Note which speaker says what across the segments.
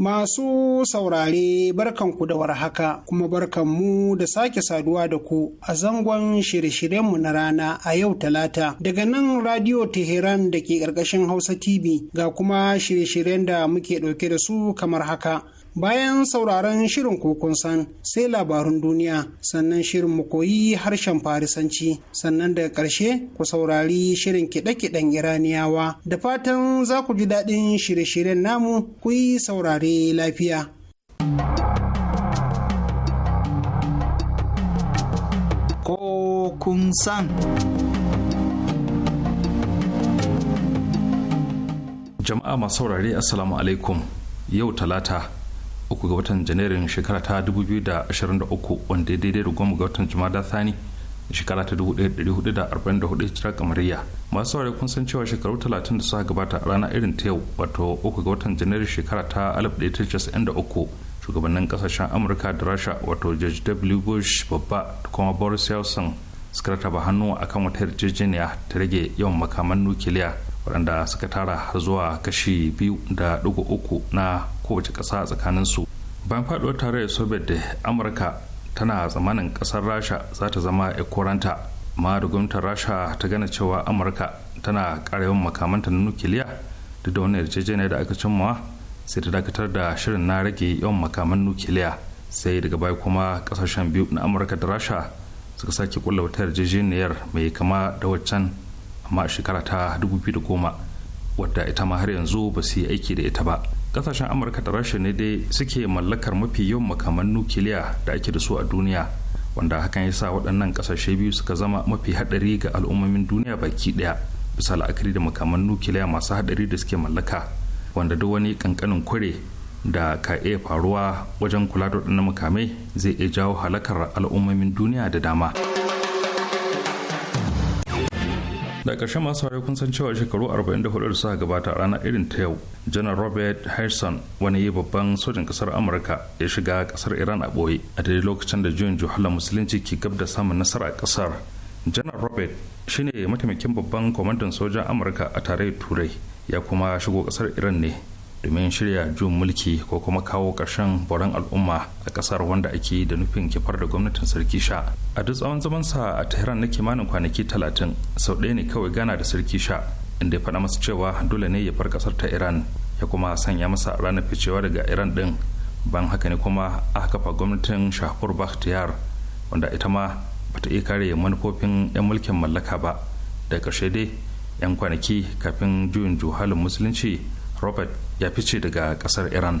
Speaker 1: Masu saurare barkanku da warhaka kuma barkanmu da sake saduwa da ku a zangon shirye-shiryenmu na rana a yau talata daga nan Radio Teheran da ke ƙarƙashin Hausa TV ga kuma shirye-shiryen da muke ɗauke da su kamar haka. bayan sauraron shirin kokon san sai labarun duniya sannan shirin mu koyi harshen farisanci sannan daga ƙarshe ku saurari shirin kiɗe-kiɗen iraniyawa da fatan za ku ji daɗin shirye-shiryen namu ku yi saurare lafiya kokun san
Speaker 2: jama'a masu saurare assalamu alaikum yau talata uku ga watan janairun shekara ta 2023 wanda daidai da goma ga watan jumada thani shekara ta 1444 cikin kamariya masu saurari kun san cewa shekaru 30 da suka gabata a rana irin ta yau wato uku ga watan janairun shekara ta 1993 shugabannin kasashen amurka da rasha wato george w bush babba da kuma boris yeltsin suka rataba hannu a kan wata yarjejeniya ta rage yawan makaman nukiliya waɗanda suka tara har zuwa kashi biyu da uku na kowace ƙasa tsakanin su bayan faɗuwar tarayyar soviet da amurka tana tsamanin ƙasar rasha za ta zama ekoranta amma da gwamnatin rasha ta gane cewa amurka tana ƙara yawan makamanta na nukiliya duk da wani yarjejeniya da aka cimma sai ta dakatar da shirin na rage yawan makaman nukiliya sai daga baya kuma ƙasashen biyu na amurka da rasha suka sake kulla wata yarjejeniyar mai kama da waccan amma shekara ta goma wadda ita ma har yanzu ba su yi aiki da ita ba kasashen amurka da rasha ne dai suke mallakar mafi yawan makaman nukiliya da ake da su a duniya wanda hakan ya sa waɗannan kasashe biyu suka zama mafi haɗari ga al'ummomin duniya baki ɗaya bisa la'akari da makaman nukiliya masu haɗari da suke mallaka wanda duk wani ƙanƙanin kure da ka iya faruwa wajen kula da waɗannan makamai zai iya jawo halakar al'ummomin duniya da dama. da ƙarshe masu hare kun san cewa shekaru 44 da suka gabata rana irin ta yau janar robert harrison wani babban sojin ƙasar amurka ya shiga ƙasar iran a ɓoye a daidai lokacin da juyin juhala musulunci ke gab da samun nasara a ƙasar janar robert shine mataimakin babban kwamandan sojan amurka a tarayyar turai ya kuma shigo ƙasar iran ne domin shirya jun mulki ko kuma kawo ƙarshen boran al'umma a ƙasar wanda ake da nufin kifar da gwamnatin sarki sha a duk tsawon zaman sa a tehran na kimanin kwanaki talatin sau ɗaya ne kawai gana da sarki sha inda ya faɗa masa cewa dole ne ya bar ƙasar ta iran ya kuma sanya masa ranar ficewa daga iran ɗin ban haka ne kuma aka kafa gwamnatin shahpur bakhtiyar wanda ita ma bata iya kare manufofin 'yan mulkin mallaka ba da ƙarshe dai 'yan kwanaki kafin juyin juhalin musulunci robert ya fice daga kasar iran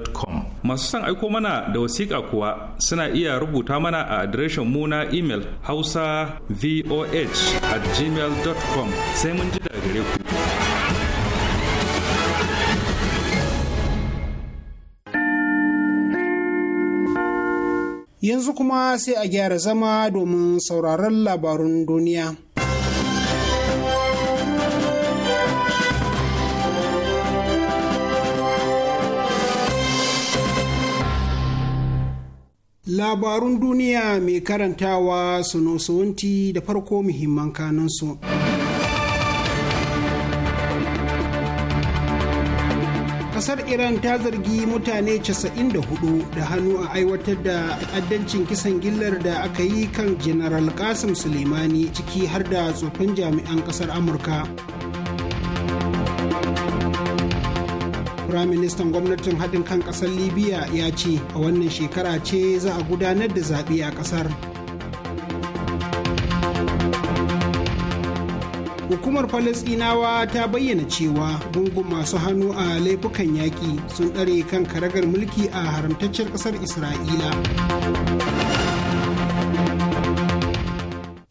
Speaker 2: masu son aiko mana da wasiƙa kuwa suna iya rubuta mana a adireshin mu na imel hausa voh at gmail.com sai mun ji da gare ku
Speaker 1: yanzu kuma sai a gyara zama domin sauraron labarun duniya Labarun duniya mai karantawa su suwanti da farko muhimman kanunsu. Kasar Iran ta zargi mutane 94 da hannu a aiwatar da ta'addancin kisan gillar da aka yi kan General Qasim Suleimani ciki har da tsofin jami'an kasar Amurka. firaministan gwamnatin haɗin kan ƙasar libya ya ce a wannan shekara ce za a gudanar da zaɓe a ƙasar hukumar falasɗinawa ta bayyana cewa gungun masu hannu a laifukan yaƙi sun ɗare kan karagar mulki a haramtaccen ƙasar isra'ila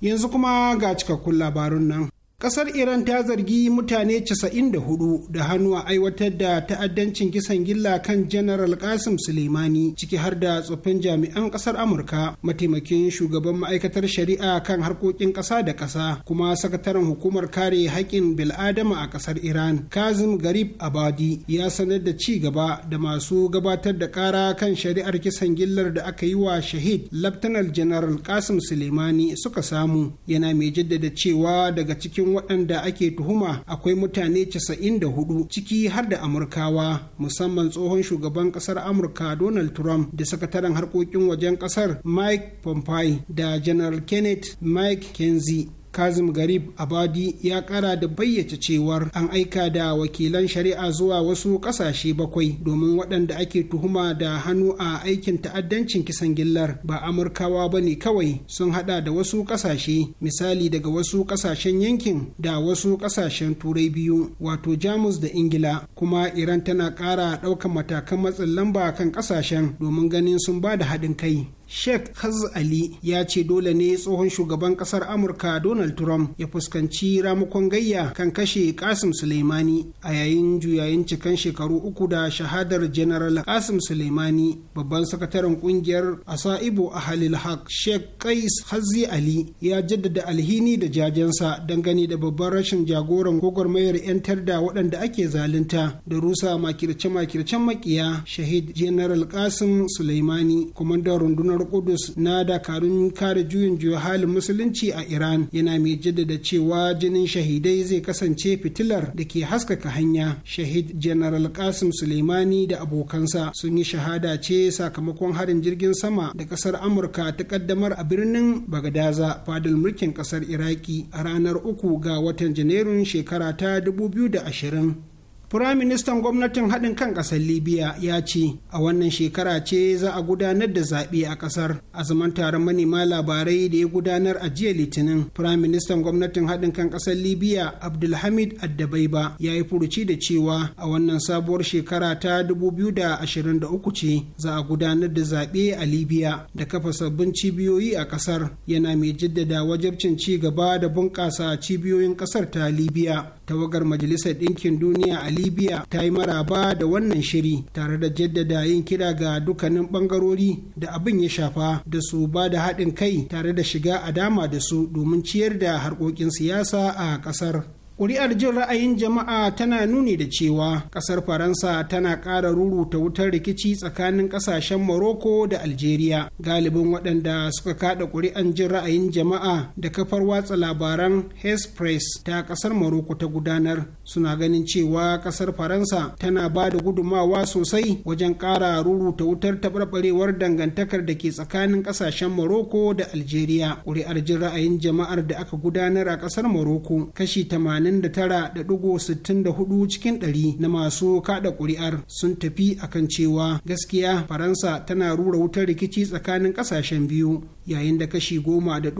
Speaker 1: yanzu kuma ga cikakkun labarun nan Kasar Iran ta zargi mutane 94 da hannu a aiwatar da ta'addancin kisan gilla kan General Qasim Suleimani ciki har da tsoffin jami'an kasar Amurka, mataimakin shugaban ma'aikatar shari'a kan harkokin kasa da kasa kuma sakataren hukumar kare haƙƙin bil'adama a kasar Iran, Kazim Garib Abadi, ya sanar da ci gaba da masu gabatar da ƙara kan shari'ar kisan gillar da aka yi wa Shahid Laftanar General Qasim Suleimani suka samu, yana mai jaddada cewa daga cikin waɗanda ake tuhuma akwai mutane 94 ciki har da amurkawa musamman tsohon shugaban ƙasar amurka donald trump da sakataren harkokin wajen ƙasar mike pompeo da general kenneth mike kenzie kazim garib abadi ya kara da bayyace cewar an aika da wakilan shari'a zuwa wasu kasashe bakwai domin waɗanda ake tuhuma da hannu a aikin ta'addancin kisan gillar ba amurkawa ba ne kawai sun hada da wasu kasashe misali daga wasu kasashen yankin da wasu kasashen turai biyu wato jamus da ingila kuma iran tana kara ɗaukan matakan matsin lamba kan kasashen domin ganin sun ba da haɗin kai sheikh haz ali ya ce dole ne tsohon shugaban kasar amurka donald trump ya fuskanci ramakon gayya kan kashe kasim suleimani a yayin juyayin cikan shekaru uku da shahadar general kasim suleimani babban sakataren kungiyar asaibo halil haq sheikh Qais hazzi ali ya jaddada alhini da jajensa dangane da babban rashin jagoran gwagwarmayar 'yantar da waɗanda ake zalunta da rusa makirce-makircen makiya shahid general kasim suleimani kwamandan rundunar gabar kudus na dakarun kare juyin juya halin musulunci a iran yana mai jaddada cewa jinin shahidai zai kasance fitilar da ke haskaka hanya shahid general kasim suleimani da abokansa sun yi shahada ce sakamakon harin jirgin sama da kasar amurka ta kaddamar a birnin bagadaza fadil mulkin kasar iraki a ranar uku ga watan janairun shekara ta 2020 Firaministan gwamnatin haɗin kan ƙasar Libya ya ce a wannan shekara ce za a gudanar da zaɓe a ƙasar. A zaman taron manema labarai da ya gudanar a jiya Litinin, Firaministan gwamnatin haɗin kan ƙasar Libya Abdulhamid Addabaiba ya yi furuci da cewa a wannan sabuwar shekara ta 2023 ce za a gudanar da zaɓe a Libya da kafa sabbin cibiyoyi a ƙasar yana mai jaddada wajabcin ci gaba da bunƙasa cibiyoyin ƙasar ta Libya. Tawagar Majalisar Ɗinkin Duniya a libya ta yi maraba da wannan shiri tare da jaddada yin kira ga dukkanin bangarori da abin ya shafa da su ba da haɗin kai tare da shiga a dama da su domin ciyar da harkokin siyasa a ƙasar Kuri'ar jin ra'ayin jama'a tana nuni da cewa ƙasar Faransa tana ƙara ruruta wutar rikici tsakanin ƙasashen Morocco da Algeria. Galibin waɗanda suka kaɗa kuri'an jin ra'ayin jama'a da kafar watsa labaran Hespress ta ƙasar Morocco ta gudanar suna ganin cewa ƙasar Faransa tana ba da gudumawa sosai wajen ƙara ruruta wutar taɓarɓarewar dangantakar da ke tsakanin ƙasashen Morocco da Algeria. Kuri'ar jin ra'ayin jama'ar da aka gudanar a ƙasar Morocco kashi 80 89.64 cikin ɗari na masu kada kuri'ar sun tafi a kan cewa gaskiya faransa tana rura wutar rikici tsakanin kasashen biyu yayin da kashi goma da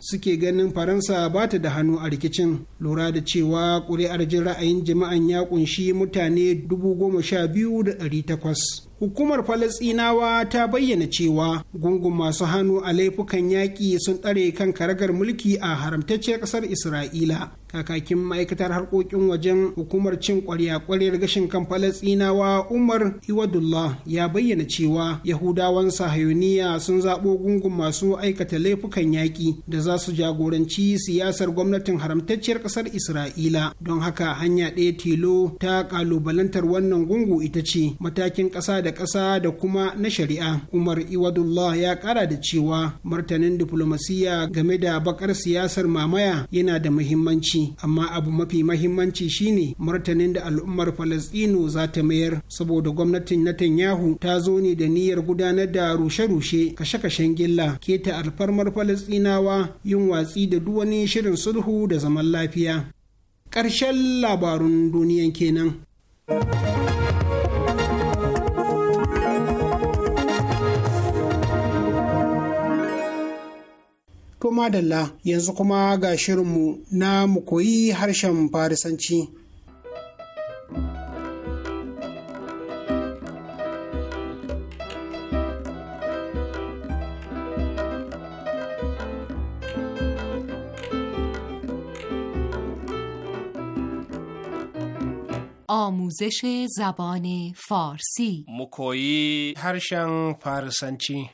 Speaker 1: suke ganin faransa ba ta da hannu a rikicin lura da cewa kuri'ar jin ra'ayin jama'an ya kunshi mutane dubu hukumar falasinawa ta bayyana cewa gungun masu hannu a laifukan yaƙi sun ɗare kan karagar mulki a haramtacciyar ƙasar isra'ila kakakin ma'aikatar harkokin wajen hukumar cin kwarya kwarar gashin kan falasinawa umar iwadullah ya bayyana cewa yahudawan sahayoniya sun zaɓo gungun masu aikata laifukan yaƙi da za su jagoranci siyasar gwamnatin haramtacciyar ƙasar isra'ila don haka hanya ɗaya tilo ta ƙalubalantar wannan gungu ita ce matakin ƙasa da ƙasa da kuma na shari'a umar iwadullah ya ƙara da cewa martanin diflomasiyya game da baƙar siyasar mamaya yana da muhimmanci amma abu mafi mahimmanci shine martanin da al'ummar falastino za ta mayar saboda gwamnatin netanyahu ta zo ne da niyyar gudanar da rushe-rushe kashe-kashen gilla keta alfarmar falastinawa yin watsi da duwani shirin sulhu da zaman lafiya ƙarshen labarun duniyan kenan. To madalla yanzu kuma ga shirinmu na mu koyi harshen Farisanci.
Speaker 3: آموزش زبان
Speaker 1: فارسی مکویی هرشن فارسنچی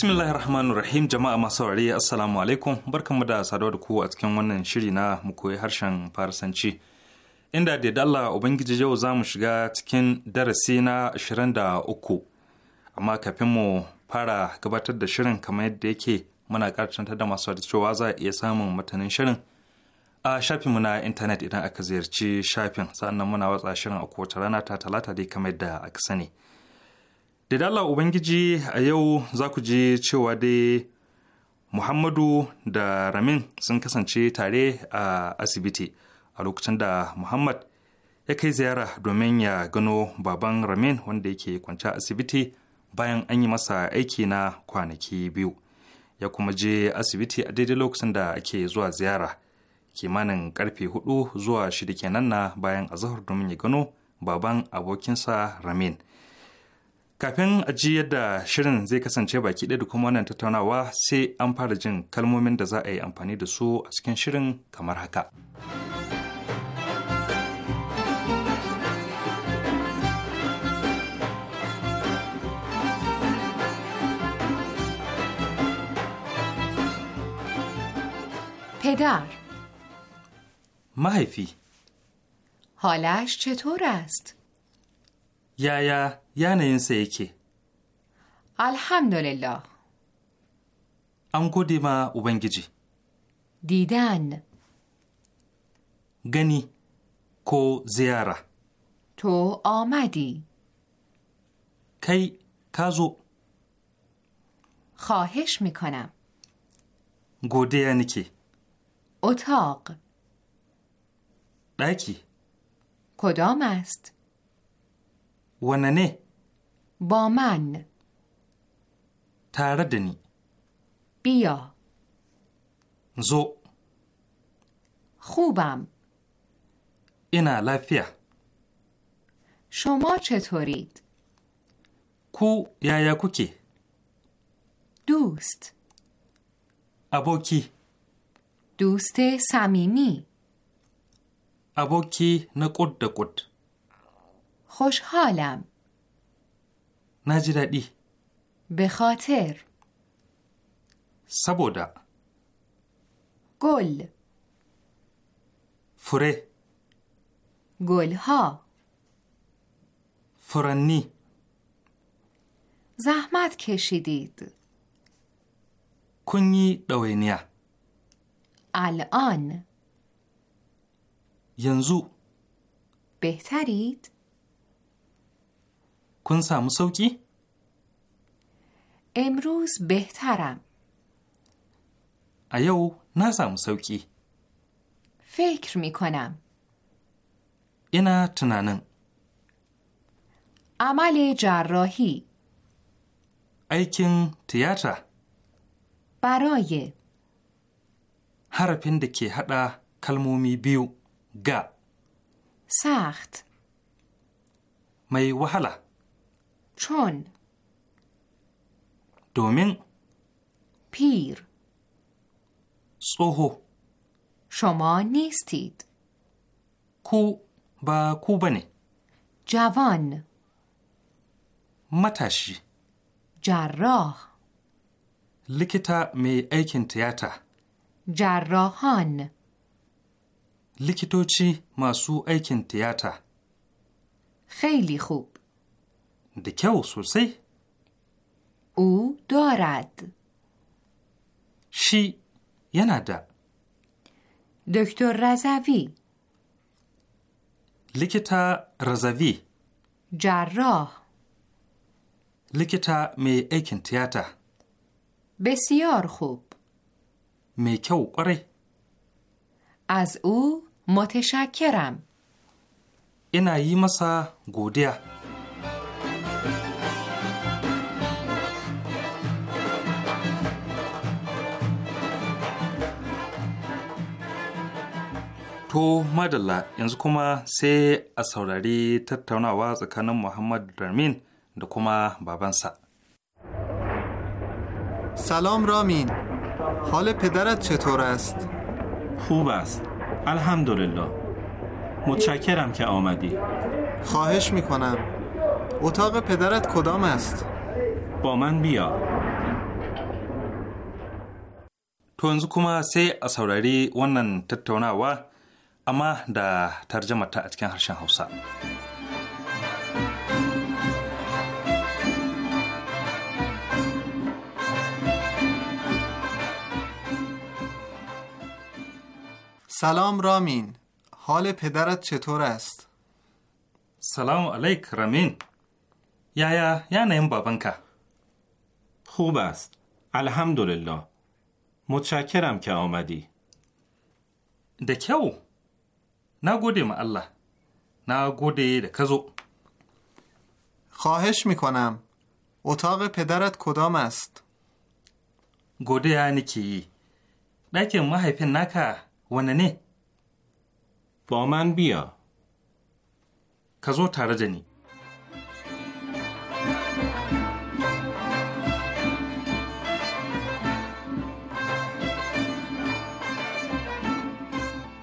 Speaker 2: Bismillahir Rahmanir Rahim jama'a masu wari Assalamu alaikum barkanmu da saduwa da ku a cikin wannan shiri na mu koyi harshen Farsanci. Inda da Allah Ubangiji yau za mu shiga cikin darasi na 23. Amma kafin mu fara gabatar da shirin kamar yadda yake muna karatantar da masu da cewa za a iya samun matanin shirin a shafinmu na intanet idan aka ziyarci shafin sannan muna watsa shirin a kowace rana ta talata dai kamar yadda aka sani. da dala ubangiji a yau za ku ji cewa dai muhammadu da ramin sun kasance tare a asibiti a lokacin da muhammad ya kai ziyara domin ya gano baban ramin wanda yake kwanci a asibiti bayan an yi masa aiki na kwanaki biyu ya kuma je asibiti a daidai lokacin da ake zuwa ziyara kimanin karfe hudu zuwa shida kenan na bayan azahar domin ya gano baban abokinsa ramin Kafin aji yadda shirin zai kasance baki ɗaya da kuma wannan tattaunawa sai an fara jin kalmomin da za a yi amfani da su a cikin shirin kamar haka. پدر Mahaifi.
Speaker 3: حالش چطور است؟
Speaker 2: یا sa yake
Speaker 3: alhamdulillah
Speaker 2: an gode ma ubangiji
Speaker 3: didan
Speaker 2: gani ko ziyara
Speaker 3: to amadi kai ka zo خواهش میکنم
Speaker 2: گوده یعنی که
Speaker 3: اتاق دکی کدام است وننه با من
Speaker 2: تردنی بیا زو
Speaker 3: خوبم
Speaker 2: اینا لافیه
Speaker 3: شما چطورید؟
Speaker 2: کو یا یا کوکی
Speaker 3: دوست کی؟ دوست صمیمی
Speaker 2: ابوکی نکود دکود
Speaker 3: خوشحالم نجدی به خاطر گل فره گلها
Speaker 2: فرنی
Speaker 3: زحمت کشیدید
Speaker 2: کنی دوینیا
Speaker 3: الان ینزو بهترید
Speaker 2: kun samu sauƙi?
Speaker 3: Emruz behtaram.
Speaker 2: A yau na samu sauƙi.
Speaker 3: Fekir mikonam.
Speaker 2: Ina tunanin.
Speaker 3: Amale jarrahi.
Speaker 2: Aikin tiyata.
Speaker 3: Baroye.
Speaker 2: Harafin da ke haɗa kalmomi biyu ga.
Speaker 3: Sacht.
Speaker 2: Mai wahala. چون دومین
Speaker 3: پیر سوهو شما نیستید
Speaker 2: کو با کوبنه جوان متشی جراح لکتا می ایکن تیاتا
Speaker 3: جراحان
Speaker 2: لکتوچی ماسو ایکن تیاتا خیلی خوب da kyau
Speaker 3: او دارد. شی یه نده دکتر رزوی
Speaker 2: لیکتا رزوی
Speaker 3: جراح
Speaker 2: لیکتا می ایکن تیاتا
Speaker 3: بسیار
Speaker 2: خوب می کو قره
Speaker 3: از او
Speaker 2: متشکرم اینا یی مسا گودیا تو madalla yanzu سه sai a saurari tattaunawa tsakanin Muhammad Ramin da kuma babansa. سلام رامین حال پدرت چطور است؟ خوب است الحمدلله متشکرم که آمدی خواهش میکنم اتاق پدرت کدام است؟ با من بیا تو انزو کما سی اصوراری ونن تتوناوا اما در ترجمه تا اتکن harshen hausa سلام رامین حال پدرت چطور است؟ سلام علیک رامین یا یا یا نیم بابنکا خوب است الحمدلله متشکرم که آمدی او؟ نا gode ma Allah na gode da ka خواهش میکنم اتاق پدرت کدام است؟ گوده نیکی لیکن ما نکه و نه با من بیا کزو ترجنی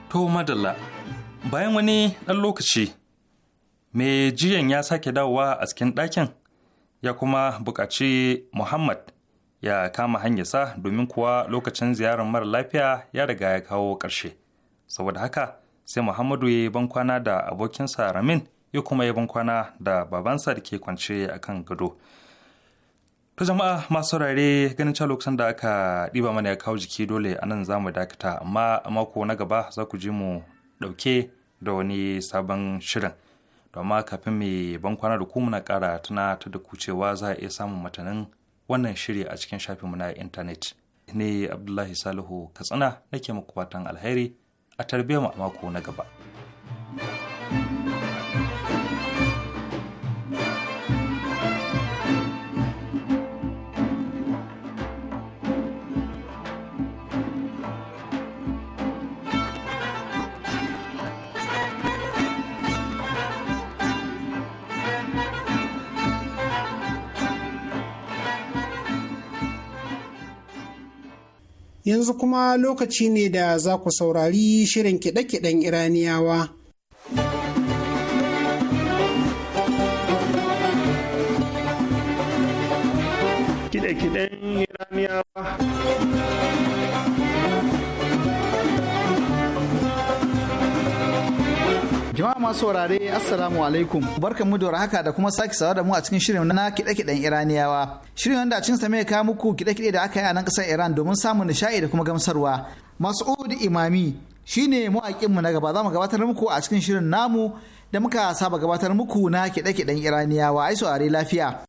Speaker 2: تو مدلا bayan wani ɗan lokaci mai jiyan ya sake dawowa a cikin ɗakin ya kuma buƙaci muhammad ya kama hanyarsa domin kuwa lokacin ziyarar mara lafiya ya riga ya kawo ƙarshe saboda haka sai muhammadu ya yi bankwana da abokinsa ramin ya kuma yi bankwana da babansa da ke kwance a kan gado ta jama'a masu rare ganin cewa lokacin da aka ɗiba mana ya kawo jiki dole a nan za mu dakata amma a mako na gaba za ku ji mu ɗauke da wani sabon shirin amma kafin mai bankwana kwana da ku muna tana ta da ku cewa za a iya samun matanin wannan shiri a cikin shafinmu na intanet ne abdullahi salihu katsina nake muku fatan alheri a tarbiyyar mako na gaba.
Speaker 1: yanzu kuma lokaci ne da za ku saurari shirin kiɗe-kiɗen iraniyawa masu saurare assalamu alaikum barkanmu da haka da kuma sake sawa da mu a cikin shirin na kiɗe-kiɗen iraniyawa shirin wanda cin sa mai kawo muku kiɗe-kiɗe da aka yi a nan kasar iran domin samun nishaɗi da kuma gamsarwa mas'ud imami shine ne mu na gaba za mu gabatar muku a cikin shirin namu da muka saba gabatar muku na kiɗe-kiɗen iraniyawa ai saurare lafiya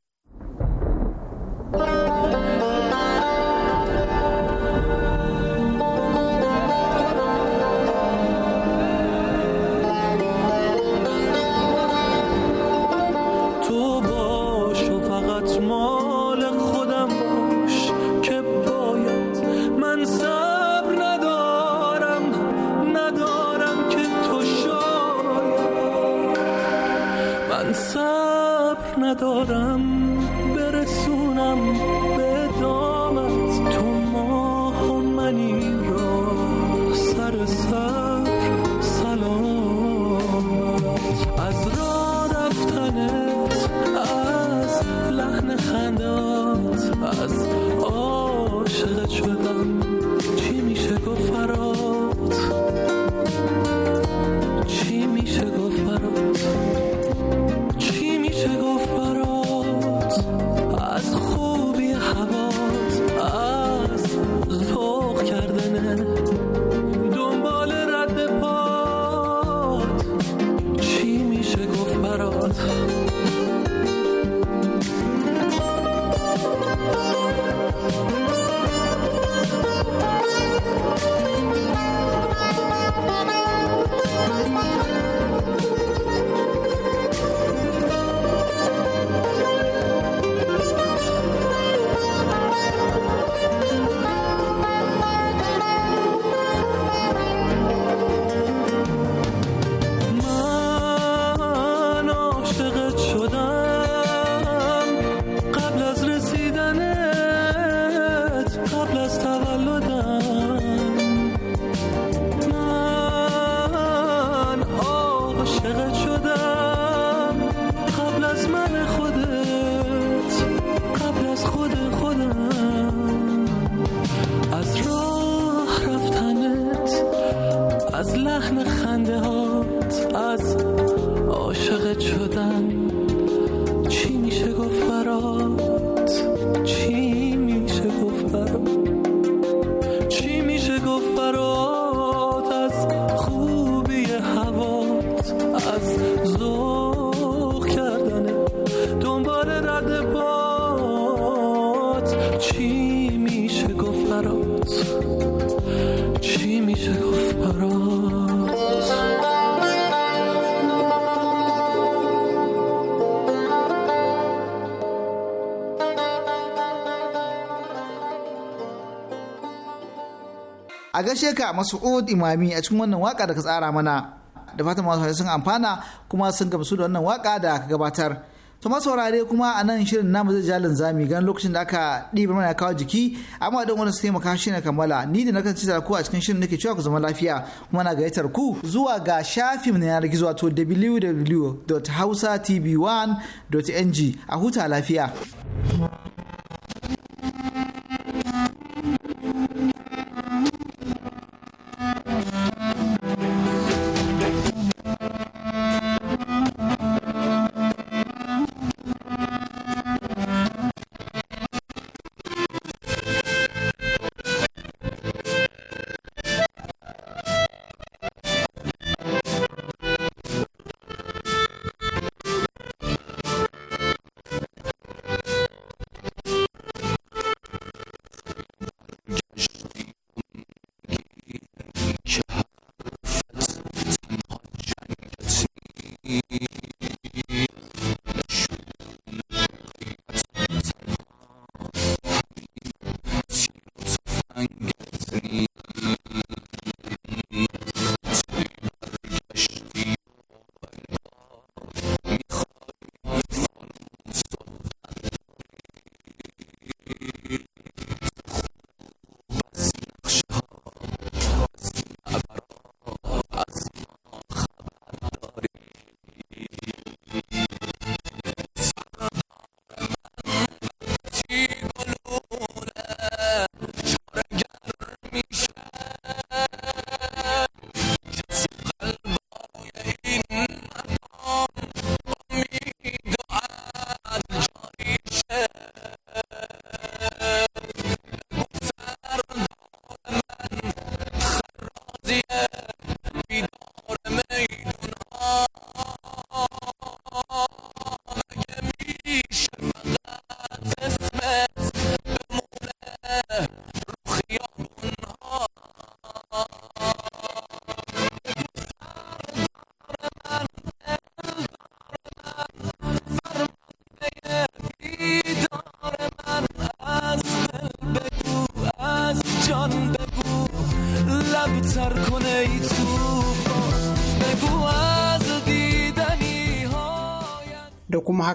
Speaker 1: a gaishe ka Mas'ud Imami a cikin wannan waka da ka tsara mana da fatan masu sun amfana kuma sun gamsu da wannan waka da ka gabatar to masu saurare kuma a nan shirin namu zai jalin zami gan lokacin da aka ɗiba mana kawo jiki amma don wani su taimaka shi na kammala ni da nakan ci ku a cikin shirin nake cewa ku zama lafiya kuma na gayyatar ku zuwa ga shafin na yanar gizo wato www.hausatv1.ng a huta lafiya.